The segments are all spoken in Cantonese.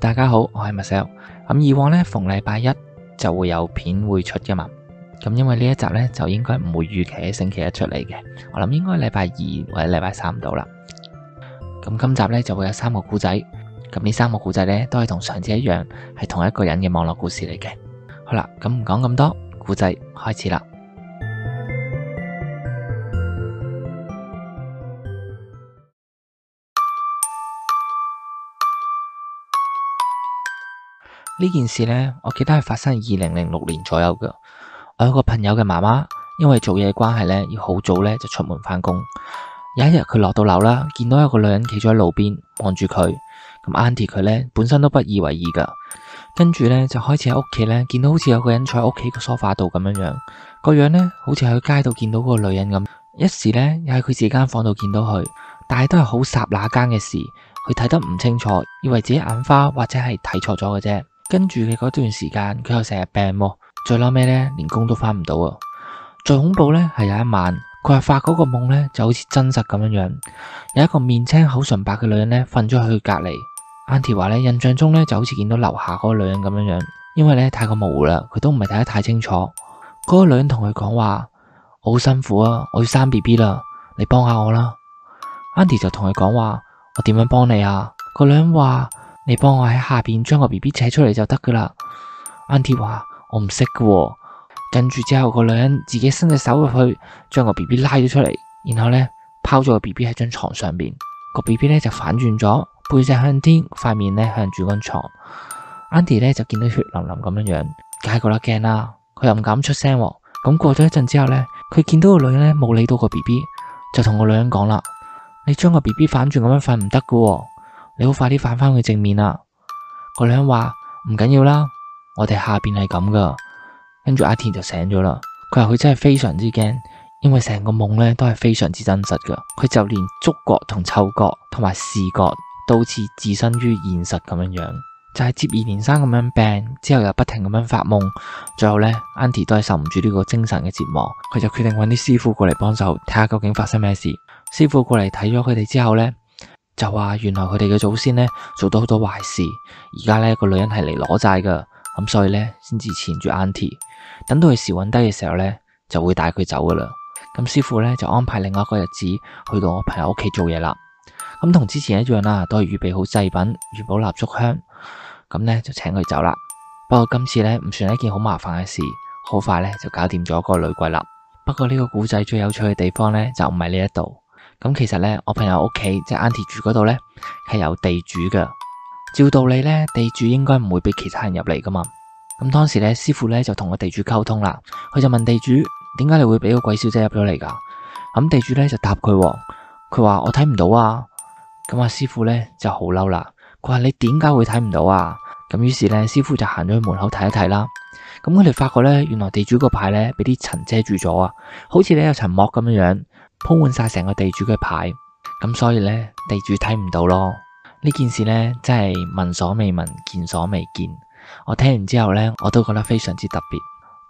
大家好，我係 Marcel。咁以往呢，逢禮拜一就會有片會出噶嘛。咁因為呢一集呢，就應該唔會預期喺星期一出嚟嘅。我諗應該禮拜二或者禮拜三到啦。咁今集呢，就會有三個故仔。咁呢三個故仔呢，都係同上次一樣，係同一個人嘅網絡故事嚟嘅。好啦，咁唔講咁多，故仔開始啦。呢件事呢，我記得係發生二零零六年左右噶。我有個朋友嘅媽媽，因為做嘢關係呢，要好早呢就出門返工。有一日佢落到樓啦，見到有個女人企咗喺路邊望住佢，咁 Aunty 佢呢，本身都不以為意噶，跟住呢，就開始喺屋企呢，見到好似有個人坐喺屋企嘅梳化度咁樣樣個樣呢，好似喺街度見到嗰個女人咁，一時呢，又喺佢自己間房度見到佢，但係都係好霎那間嘅事，佢睇得唔清楚，以為自己眼花或者係睇錯咗嘅啫。跟住嘅嗰段時間，佢又成日病喎。最嬲咩呢？連工都返唔到啊！最恐怖呢，係有一晚，佢話發嗰個夢呢，就好似真實咁樣樣。有一個面青口唇白嘅女人呢，瞓咗喺佢隔籬。Andy 話呢，印象中呢，就好似見到樓下嗰個女人咁樣樣，因為呢，太過模糊啦，佢都唔係睇得太清楚。嗰個女人同佢講話：好辛苦啊，我要生 B B 啦，你幫下我啦。Andy 就同佢講話：我點樣幫你啊？個女人話。你幫我喺下邊將個 B B 扯出嚟就得噶啦。Andy 話我唔識噶，跟住之後個女人自己伸隻手入去，將個 B B 拉咗出嚟，然後呢，拋咗個 B B 喺張床上面。個 B B 呢就反轉咗，背脊向天，塊面呢向住張床。Andy 呢就見到血淋淋咁樣樣，梗係覺得驚啦，佢又唔敢出聲。咁過咗一陣之後呢，佢見到個女人呢冇理到個 B B，就同個女人講啦：你將個 B B 反轉咁樣瞓唔得噶。你好快啲返返去正面啦，啊！個女人話唔緊要啦，我哋下邊係咁噶。跟住阿田就醒咗啦，佢話佢真係非常之驚，因為成個夢呢都係非常之真實噶。佢就連觸覺、同嗅覺、同埋視覺，都似置身於現實咁樣樣。就係、是、接二連三咁樣病，之後又不停咁樣發夢。最後呢，Aunty 都係受唔住呢個精神嘅折磨，佢就決定搵啲師傅過嚟幫手睇下究竟發生咩事。師傅過嚟睇咗佢哋之後呢。就話原來佢哋嘅祖先呢，做到好多壞事，而家呢個女人係嚟攞債噶，咁所以呢，先至纏住 Auntie，等到佢時運低嘅時候呢，就會帶佢走噶啦。咁師傅呢，就安排另外一個日子去到我朋友屋企做嘢啦。咁同之前一樣啦，都係預備好祭品、元寶、蠟燭、香，咁呢，就請佢走啦。不過今次呢，唔算係一件好麻煩嘅事，好快呢，就搞掂咗個女鬼啦。不過呢個古仔最有趣嘅地方呢，就唔係呢一度。咁其實咧，我朋友屋企即係 Auntie 住嗰度咧，係有地主噶。照道理咧，地主應該唔會俾其他人入嚟噶嘛。咁當時咧，師傅咧就同個地主溝通啦，佢就問地主：點解你會俾個鬼小姐入咗嚟噶？咁地主咧就答佢：佢話我睇唔到啊。咁阿師傅咧就好嬲啦，佢話你點解會睇唔到啊？咁於是咧，師傅就行咗去門口睇一睇啦。咁佢哋發覺咧，原來地主個牌咧俾啲塵遮住咗啊，好似咧有層膜咁樣樣。鋪滿晒成個地主嘅牌，咁所以呢，地主睇唔到咯。呢件事呢，真係聞所未聞、見所未見。我聽完之後呢，我都覺得非常之特別。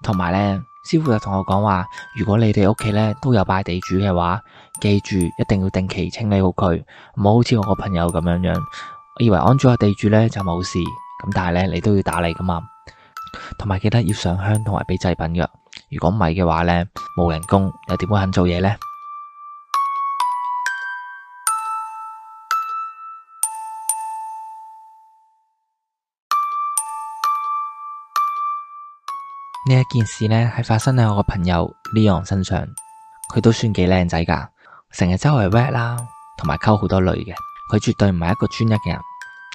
同埋呢，師傅又同我講話：如果你哋屋企呢都有拜地主嘅話，記住一定要定期清理好佢，唔好好似我個朋友咁樣樣。我以為安住個地主呢就冇事，咁但係呢，你都要打理噶嘛。同埋記得要上香同埋俾祭品噶。如果唔係嘅話呢，冇人工又點會肯做嘢呢？呢一件事呢，係發生喺我個朋友 Leon 身上，佢都算幾靚仔噶，成日周圍玩啦，同埋溝好多女嘅，佢絕對唔係一個專一嘅人。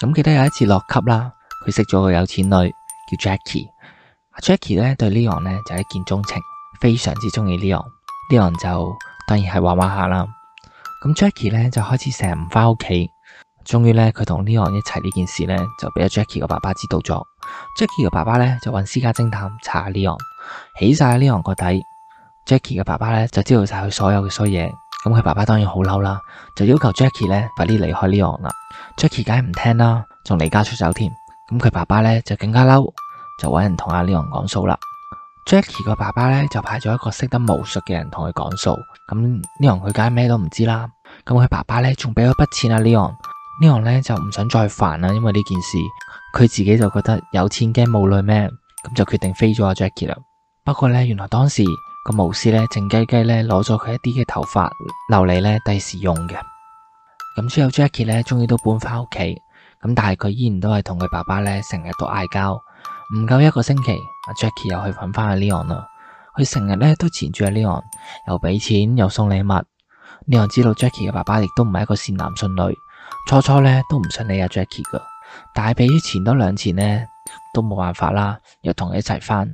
咁記得有一次落級啦，佢識咗個有錢女叫 Jackie，Jackie 呢對 Leon 呢就一見鍾情，非常之中意 Leon Leon 就當然係玩玩下啦。咁 Jackie 呢，就開始成日唔翻屋企。終於咧，佢同 Leon 一齊呢件事咧，就俾阿 Jackie 個爸爸知道咗。Jackie 個爸爸咧就揾私家偵探查下 Leon，起晒 Leon 個底。Jackie 個爸爸咧就知道晒佢所有嘅衰嘢，咁佢爸爸當然好嬲啦，就要求 Jackie 咧快啲離開 Leon 啦。Jackie 梗係唔聽啦，仲離家出走添。咁佢爸爸咧就更加嬲，就揾人同阿 Leon 講數啦。Jackie 個爸爸咧就派咗一個識得巫術嘅人同佢講數。咁 Leon 佢梗係咩都唔知啦。咁佢爸爸咧仲俾咗筆錢、啊、阿 Leon。Leon 咧就唔想再煩啦，因為呢件事佢自己就覺得有錢驚冇女咩？咁就決定飛咗阿 Jackie 啦。不過呢，原來當時個巫師呢靜雞雞呢攞咗佢一啲嘅頭髮留嚟呢第時用嘅。咁之後 Jackie 呢終於都搬翻屋企，咁但係佢依然都係同佢爸爸呢成日都嗌交。唔夠一個星期，阿 Jackie 又去揾翻阿 Leon 啦。佢成日呢都纏住阿 Leon，又俾錢又送禮物。Leon 知道 Jackie 嘅爸爸亦都唔係一個善男信女。初初咧都唔信你阿、啊、Jackie 噶，但係比於前多兩次呢都冇辦法啦，又同佢一齊翻。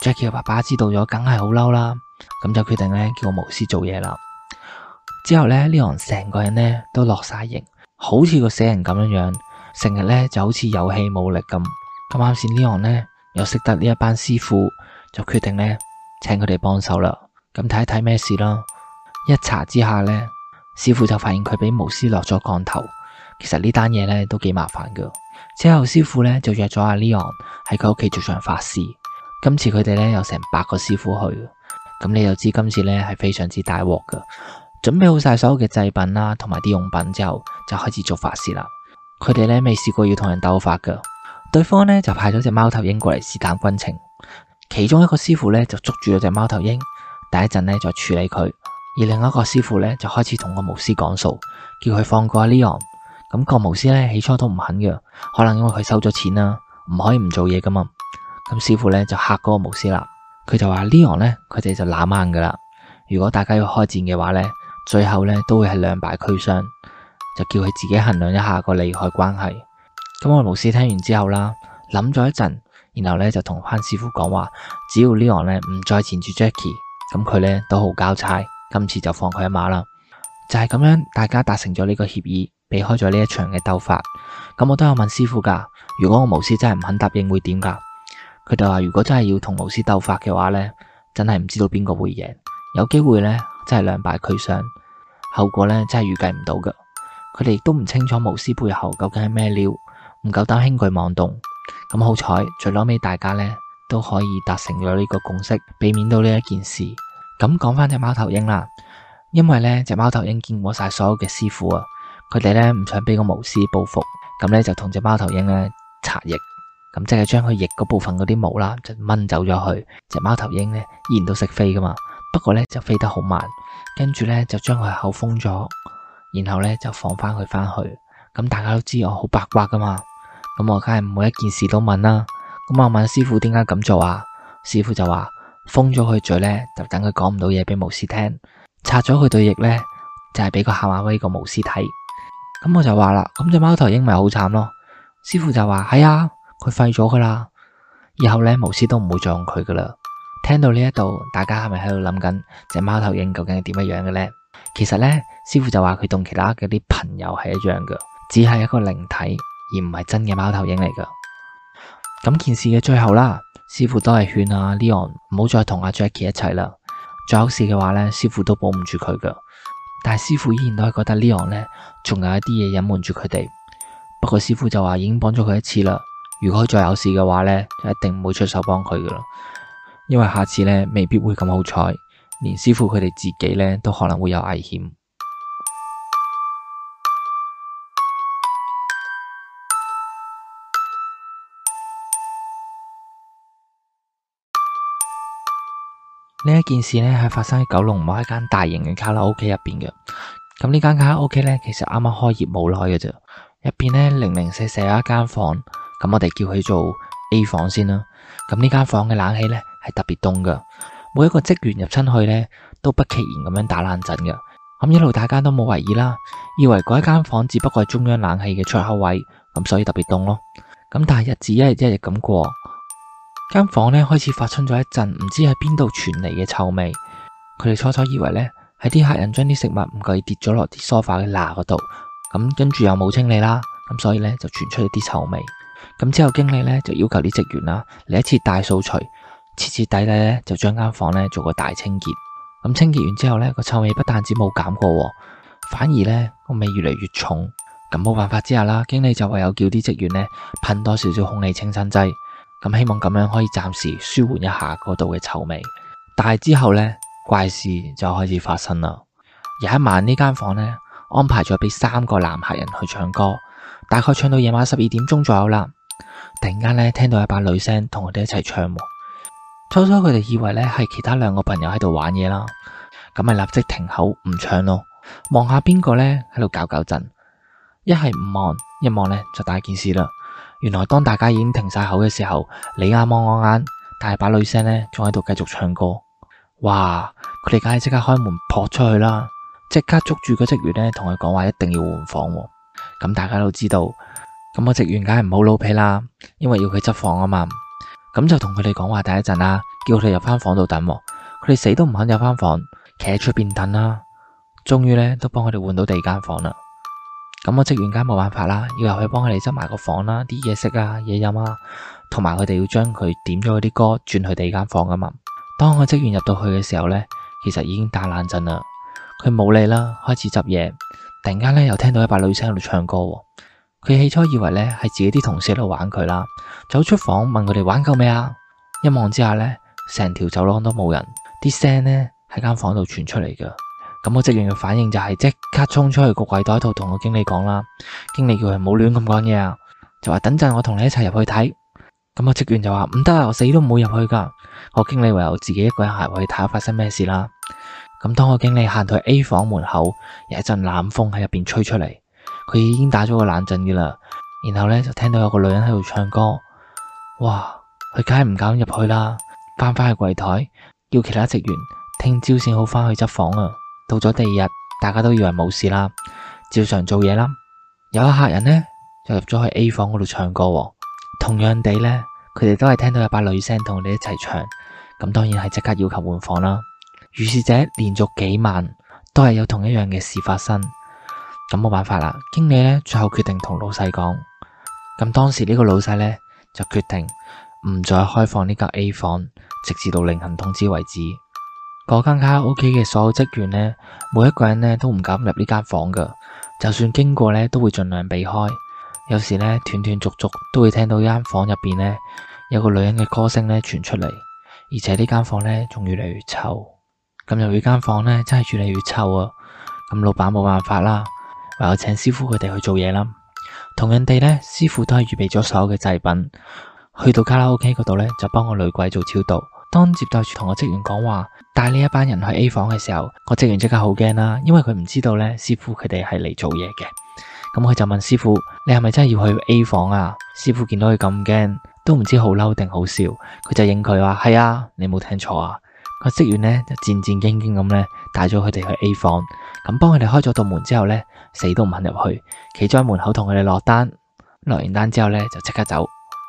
Jackie 嘅爸爸知道咗，梗係好嬲啦，咁就決定呢叫我巫師做嘢啦。之後咧，Leon 成個人呢都落晒型，好似個死人咁樣樣，成日呢就好似有氣冇力咁。咁啱先 Leon 呢又識得呢一班師傅，就決定呢請佢哋幫手啦。咁睇一睇咩事咯，一查之下呢，師傅就發現佢俾巫師落咗降頭。其實呢單嘢咧都幾麻煩噶。之後師傅咧就約咗阿 Leon 喺佢屋企做場法事。今次佢哋咧有成百個師傅去，咁你就知今次咧係非常之大鑊噶。準備好晒所有嘅祭品啦，同埋啲用品之後就開始做法事啦。佢哋咧未試過要同人鬥法噶，對方咧就派咗隻貓頭鷹過嚟試探軍情。其中一個師傅咧就捉住咗隻貓頭鷹，第一陣咧再處理佢。而另一個師傅咧就開始同個巫師講數，叫佢放過阿 Leon。咁個巫師咧起初都唔肯嘅，可能因為佢收咗錢啦，唔可以唔做嘢噶嘛。咁師傅咧就嚇嗰個巫師啦，佢就話 Leon 咧佢哋就冷硬噶啦。如果大家要開戰嘅話咧，最後咧都會係兩敗俱傷，就叫佢自己衡量一下個利害關係。咁個巫師聽完之後啦，諗咗一陣，然後咧就同翻師傅講話，只要 Leon 咧唔再纏住 Jackie，咁佢咧都好交差，今次就放佢一馬啦。就係咁樣，大家達成咗呢個協議。避開咗呢一場嘅鬥法，咁我都有問師傅噶。如果我巫師真係唔肯答應會點噶？佢就話如果真係要同巫師鬥法嘅話呢，真係唔知道邊個會贏，有機會呢，真係兩敗俱傷，後果呢，真係預計唔到噶。佢哋都唔清楚巫師背後究竟係咩料，唔夠膽輕舉妄動。咁好彩，最尾大家呢，都可以達成咗呢個共識，避免到呢一件事。咁講翻隻貓頭鷹啦，因為呢隻貓頭鷹見過晒所有嘅師傅啊。佢哋咧唔想俾個巫師報復，咁咧就同隻貓頭鷹咧拆翼，咁即係將佢翼嗰部分嗰啲毛啦，就掹走咗去。隻貓頭鷹咧依然都識飛噶嘛，不過咧就飛得好慢。跟住咧就將佢口封咗，然後咧就放翻佢翻去。咁大家都知我好八卦噶嘛，咁我梗係每一件事都問啦。咁我問師傅點解咁做啊？師傅就話封咗佢嘴咧，就等佢講唔到嘢俾巫師聽；拆咗佢對翼咧，就係、是、俾個下馬威個巫師睇。咁我就話啦，咁隻貓頭鷹咪好慘咯。師傅就話係啊，佢、哎、廢咗噶啦，以後呢，巫師都唔會再用佢噶啦。聽到呢一度，大家係咪喺度諗緊隻貓頭鷹究竟係點樣樣嘅呢？其實呢，師傅就話佢同其他嘅啲朋友係一樣嘅，只係一個靈體，而唔係真嘅貓頭鷹嚟噶。咁件事嘅最後啦，師傅都係勸阿、啊、Leon 唔好再同阿 Jackie 一齊啦。再有事嘅話呢，師傅都保唔住佢噶。但係師傅依然都係覺得呢行呢，仲有一啲嘢隱瞞住佢哋。不過師傅就話已經幫咗佢一次啦，如果再有事嘅話呢，就一定唔會出手幫佢㗎喇，因為下次呢未必會咁好彩，連師傅佢哋自己呢都可能會有危險。呢一件事呢，係發生喺九龍某一間大型嘅卡拉 OK 入邊嘅。咁呢間卡拉 OK 呢，其實啱啱開業冇耐嘅啫。入邊呢，零零舍舍有一間房，咁我哋叫佢做 A 房先啦。咁呢間房嘅冷氣呢，係特別凍噶。每一個職員入親去呢，都不期然咁樣打冷震嘅。咁一路大家都冇懷疑啦，以為嗰一間房只不過係中央冷氣嘅出口位，咁所以特別凍咯。咁但係日子一日一日咁過。間房咧，開始發出咗一陣唔知喺邊度傳嚟嘅臭味，佢哋初初以為咧係啲客人將啲食物唔覺意跌咗落啲梳化嘅罅嗰度，咁跟住又冇清理啦，咁所以呢就傳出一啲臭味。咁之後經理呢就要求啲職員啦嚟一次大掃除，徹徹底底呢就將間房呢做個大清潔。咁清潔完之後呢，個臭味不但止冇減過，反而呢個味越嚟越重。咁冇辦法之下啦，經理就唯有叫啲職員呢噴多少少空氣清新劑。咁希望咁樣可以暫時舒緩一下嗰度嘅臭味。但係之後呢，怪事就開始發生啦。有一晚間呢間房呢安排咗俾三個男客人去唱歌，大概唱到夜晚十二點鐘左右啦。突然間呢，聽到一把女聲同我哋一齊唱，初初佢哋以為呢係其他兩個朋友喺度玩嘢啦，咁咪立即停口唔唱咯，望下邊個呢喺度搞搞震，一係唔望，一望呢就大件事啦。原來當大家已經停晒口嘅時候，李亞望我眼，大把女聲呢仲喺度繼續唱歌。哇！佢哋梗係即刻開門撲出去啦，即刻捉住個職員呢同佢講話一定要換房。咁大家都知道，咁個職員梗係唔好老皮啦，因為要佢執房啊嘛。咁就同佢哋講話等一陣啦，叫佢哋入返房度等。佢哋死都唔肯入返房，企喺出邊等啦。終於呢，都幫佢哋換到第二間房啦。咁我職員間冇辦法啦，要入去幫佢哋執埋個房啦，啲嘢食啊、嘢飲啊，同埋佢哋要將佢點咗嗰啲歌轉去第二間房噶嘛。當我職員入到去嘅時候呢，其實已經打冷震啦，佢冇理啦，開始執嘢。突然間呢，又聽到一把女聲喺度唱歌，佢起初以為呢係自己啲同事喺度玩佢啦，走出房問佢哋玩夠未啊？一望之下呢，成條走廊都冇人，啲聲呢喺間房度傳出嚟噶。咁我職員嘅反應就係即刻衝出去個櫃台度同個經理講啦。經理叫佢唔好亂咁講嘢啊，就話等陣我同你一齊入去睇。咁個職員就話唔得，啊，我死都唔會入去噶。我經理唯有自己一個人行入去睇下發生咩事啦。咁當個經理行到 A 房門口，有一陣冷風喺入邊吹出嚟，佢已經打咗個冷震嘅啦。然後呢，就聽到有個女人喺度唱歌，哇！佢梗係唔敢入去啦，翻返去櫃台叫其他職員聽朝先好返去執房啊。到咗第二日，大家都以為冇事啦，照常做嘢啦。有一個客人呢，就入咗去 A 房嗰度唱歌喎。同樣地呢，佢哋都係聽到有把女聲同我哋一齊唱，咁當然係即刻要求換房啦。於是者連續幾晚都係有同一樣嘅事發生，咁冇辦法啦。經理呢，最後決定同老細講，咁當時呢個老細呢，就決定唔再開放呢間 A 房，直至到另行通知為止。嗰間卡拉 OK 嘅所有職員呢，每一個人呢都唔敢入呢間房噶，就算經過呢，都會盡量避開。有時呢，斷斷續續都會聽到呢間房入邊呢有個女人嘅歌聲呢傳出嚟，而且呢間房呢仲越嚟越臭。咁入呢間房呢真係越嚟越臭啊！咁老闆冇辦法啦，唯有請師傅佢哋去做嘢啦。同人哋呢，師傅都係預備咗所有嘅祭品，去到卡拉 OK 嗰度呢就幫個女鬼做超度。當接待處同個職員講話帶呢一班人去 A 房嘅時候，個職員即刻好驚啦，因為佢唔知道咧，師傅佢哋係嚟做嘢嘅。咁佢就問師傅：你係咪真係要去 A 房啊？師傅見到佢咁驚，都唔知好嬲定好笑，佢就應佢話：係啊，你冇聽錯啊。個職員呢就戰戰兢兢咁咧帶咗佢哋去 A 房，咁幫佢哋開咗道門之後呢，死都唔肯入去，企咗喺門口同佢哋落單，落完單之後呢，就即刻走。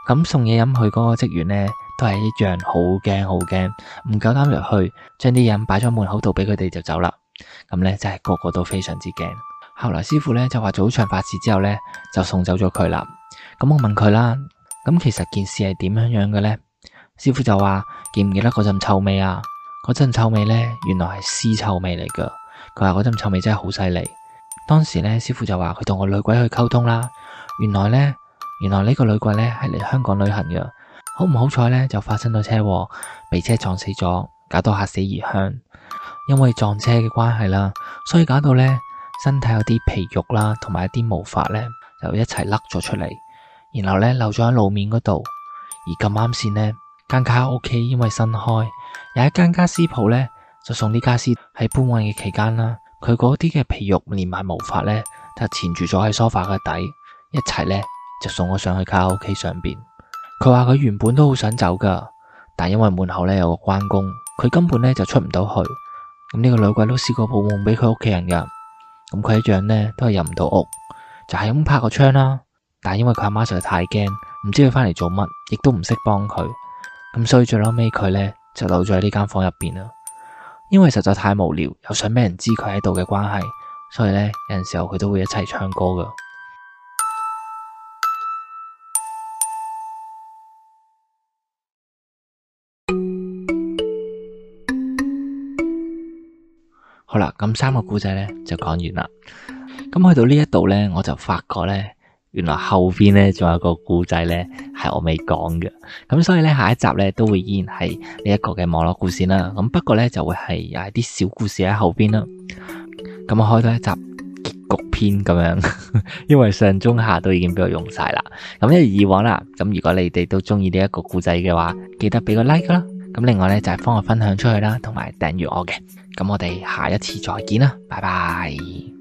咁送嘢飲,飲去嗰個職員呢。都係一樣，好驚好驚，唔夠膽入去，將啲人擺咗門口度，俾佢哋就走啦。咁呢，真係個個都非常之驚。後來師傅呢，就話早上發事之後呢，就送走咗佢啦。咁我問佢啦，咁其實件事係點樣樣嘅呢？師傅就話，記唔記得嗰陣臭味啊？嗰陣臭味呢，原來係屍臭味嚟噶。佢話嗰陣臭味真係好犀利。當時呢，師傅就話佢同個女鬼去溝通啦。原來呢，原來呢個女鬼呢，係嚟香港旅行嘅。好唔好彩呢，就發生咗車禍，被車撞死咗，搞到吓死異鄉。因為撞車嘅關係啦，所以搞到呢身體有啲皮肉啦，同埋一啲毛髮呢，就一齊甩咗出嚟。然後呢，漏咗喺路面嗰度。而咁啱先呢間卡拉 OK，因為新開，有一間家私鋪呢，就送啲家私喺搬運嘅期間啦。佢嗰啲嘅皮肉連埋毛髮呢，就纏住咗喺梳化嘅底，一齊呢，就送我上去卡拉 OK 上邊。佢話佢原本都好想走噶，但因為門口咧有個關公，佢根本咧就出唔到去。咁呢個女鬼都試過報夢俾佢屋企人噶，咁佢一樣呢都係入唔到屋，就係、是、咁拍個窗啦。但係因為佢阿媽實在太驚，唔知佢返嚟做乜，亦都唔識幫佢，咁所以最屘尾佢呢就留咗喺呢間房入邊啦。因為實在太無聊，又想俾人知佢喺度嘅關係，所以呢有陣時候佢都會一齊唱歌噶。啦，咁三個故仔呢就講完啦。咁去到呢一度呢，我就發覺呢，原來後邊呢仲有個故仔呢係我未講嘅。咁所以呢，下一集呢都會依然係呢一個嘅網絡故事啦。咁不過呢，就會係一啲小故事喺後邊啦。咁我開到一集結局篇咁樣，因為上中下都已經俾我用晒啦。咁一如以往啦，咁如果你哋都中意呢一個故仔嘅話，記得俾個 like 啦。咁另外呢，就係、是、幫我分享出去啦，同埋訂閱我嘅。咁我哋下一次再見啦，拜拜。